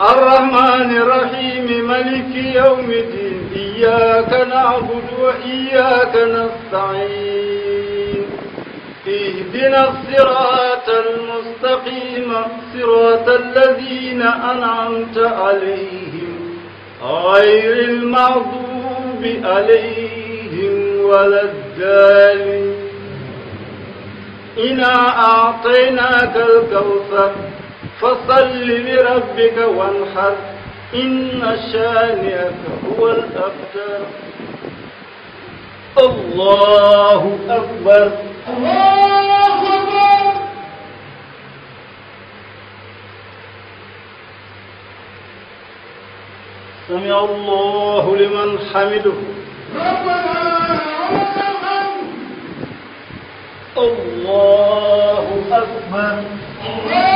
الرحمن الرحيم ملك يوم الدين إياك نعبد وإياك نستعين اهدنا الصراط المستقيم صراط الذين أنعمت عليهم غير المغضوب عليهم ولا الضالين إنا أعطيناك الكوثر فصل لربك وانحر إن شانئك هو الأبتر الله أكبر الله أكبر سمع الله لمن حمده ربنا الله أكبر الله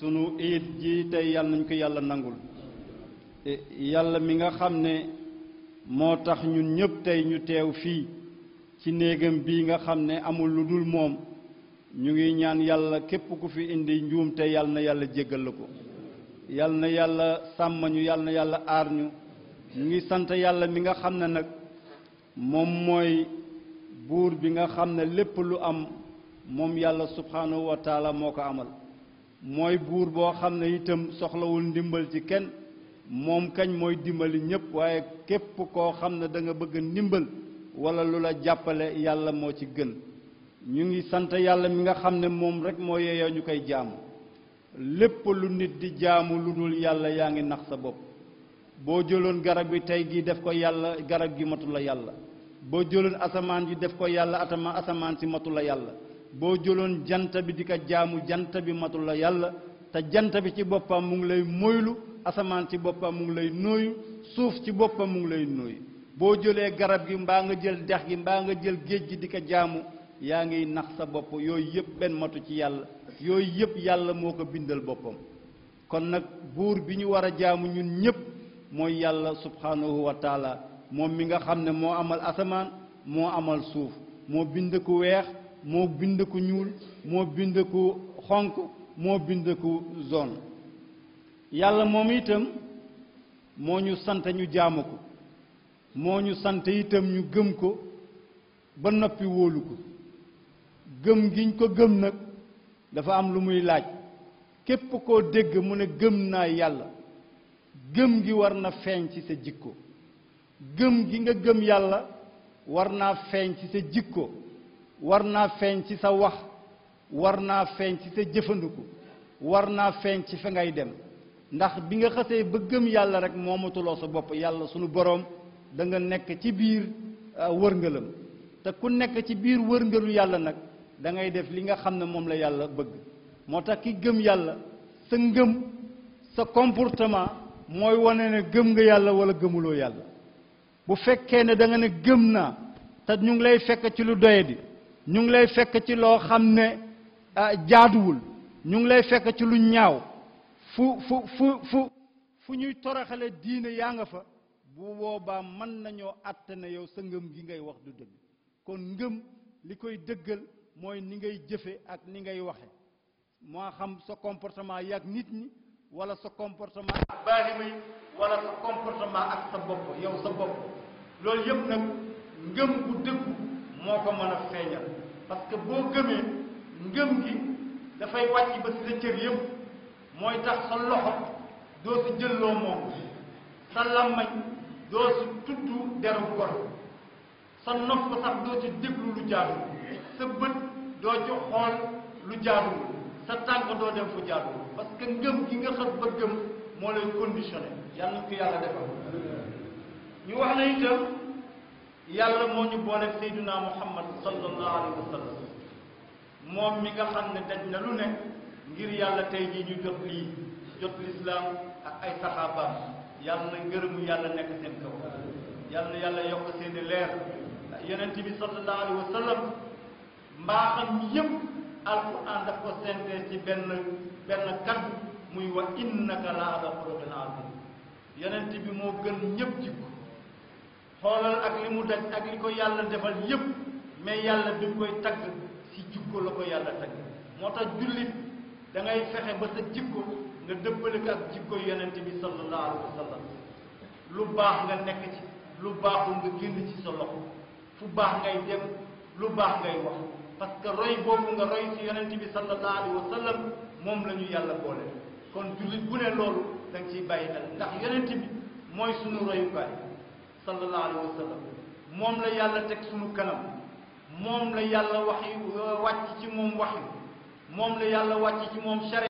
sunu iid ji tey yàlla nañ ko yàlla nangul e yàlla mi nga xam ne moo tax ñun ñëpp tey ñu teew fii ci néegam bii nga xam ne amul lu dul moom ñu ngi ñaan yàlla képp ku fi indi njuum te yàlla na yàlla jéggal la ko yàlla na yàlla sàmm ñu yàlla na yàlla aar ñu ñu ngi sant yàlla mi nga xam ne nag moom mooy buur bi nga xam ne lépp lu am moom yàlla subhaanahu wa moo ko amal mooy buur boo xam ne itam soxlawul ndimbal ci kenn moom kañ mooy dimbali ñëpp waaye képp koo xam ne danga bëgg ndimbal wala lu la jàppale yàlla moo ci gën ñu ngi sant yàlla mi nga xam ne moom rek moo yeeyoo ñu koy jaamu lépp lu nit di jaamu lu dul yàlla yaa ngi nax sa bopp boo jëloon garab bi tey gii def ko yàlla garab gi matu la yàlla boo jëloon asamaan ji def ko yàlla atama asamaan si matula yàlla boo jëloon jant bi di ko jaamu jant bi matul la yàlla te jant bi ci boppam mu ngi lay moylu asamaan ci boppam mu ngi lay nooyu suuf ci boppam mu ngi lay nooyu boo jëlee garab gi mbaa nga jël dex gi mbaa nga jël géej gi di ko jaamu yaa ngiy nax sa bopp yooyu yëpp benn matu ci yàlla yooyu yëpp yàlla moo ko bindal boppam kon nag buur bi ñu war a jaamu ñun ñëpp mooy yàlla subhanahu wa moom mi nga xam ne moo amal asamaan moo amal suuf moo bind ku weex moo bind ku ñuul moo bind ku xonq moo bind ku zone yàlla moom itam moo ñu sant ñu jaamu ko moo ñu sant itam ñu gëm ko ba noppi wóolu ko gëm giñ ko gëm nag dafa am lu muy laaj képp koo dégg mu ne gëm naa yàlla gëm gi war na feeñ ci sa jikko gëm gi nga gëm yàlla war naa feeñ ci sa jikko war naa feeñ ci sa wax war naa feeñ ci sa jëfandiku war naa feeñ ci fa ngay dem ndax bi nga xasee ba gëm yàlla rek moomatuloo sa bopp yàlla sunu boroom da nga nekk ci biir euh, wërngalam te ku nekk ci biir wërngalu yàlla nag da ngay def li nga xam ne moom la yàlla bëgg moo tax ki gëm yàlla sa ngëm sa comportement mooy wane ne gëm nga yàlla wala gëmuloo yàlla bu fekkee ne da nga ne gëm naa te ñu ngi lay fekk ci lu doye di ñu ngi lay fekk ci loo xam ne ah, jaaduwul ñu ngi lay fekk ci lu ñaaw fu fu fu fu fu ñuy toroxale diine yaa nga fa bu boobaa mën nañoo àtt ne yow sa ngëm gi ngay wax du dëgg kon ngëm li koy dëggal mooy ni ngay jëfe ak ni ngay waxe moo xam sa comportement yaag nit ñi wala sa comportement ak baahima yi wala sa comportement ak sa bopp yow sa bopp loolu yëpp nag ngëm bu dëggu moo ko mën a feeñal parce que boo gëmee ngëm gi dafay wàcc ba si sa cër yëpp mooy tax sa loxo doo si jëlloo moom sa làmmañ doo si tudd deru gor sa nopp sax doo ci déglu lu jaadu sa bët doo ci xool lu jaadu sa tànk doo dem fu jaadu parce ngëm gi nga xas ba gëm moo lay conditionné yàlla ko yàlla defal ñu wax na itam yàlla moo ñu boole Seydina Muhammad sallallahu alayhi moom mi nga xam ne daj na lu ne ngir yàlla tey jii ñu jot lii jot lislaam ak ay saxaabaam yàlla na ngërëmu yàlla nekk seen kaw yàlla na yàlla yokk seeni leer yonent bi sallallahu alayhi wa sallam mbaaxam yëpp alquran daf ko sentee ci benn benn kaddu muy wa innaka la ala xuluqin azim yonent bi moo gën ñëpp jikko xoolal ak li mu daj ak li ko yàlla defal yépp mais yàlla bi mu koy tagg ci jikko la ko yàlla tagg moo tax jullit da ngay fexe ba sa jikko nga dëppale ko ak jikko yonent bi sallallahu alayhi wa sallam lu baax nga nekk ci lu baaxul nga génn ci sa loxo fu baax ngay dem lu baax ngay wax parce que roy boobu nga roy ci yonent bi sallallahu alayhi wa sallam moom la ñu yàlla boole kon jullit bu ne loolu da nga ciy bàyyi xel ndax yonent bi mooy sunu royukaay sallallahu alayhi wa sallam moom la yàlla teg sunu kanam moom la yàlla wax yu wàcc ci moom wax yu moom la yàlla wàcc ci moom shari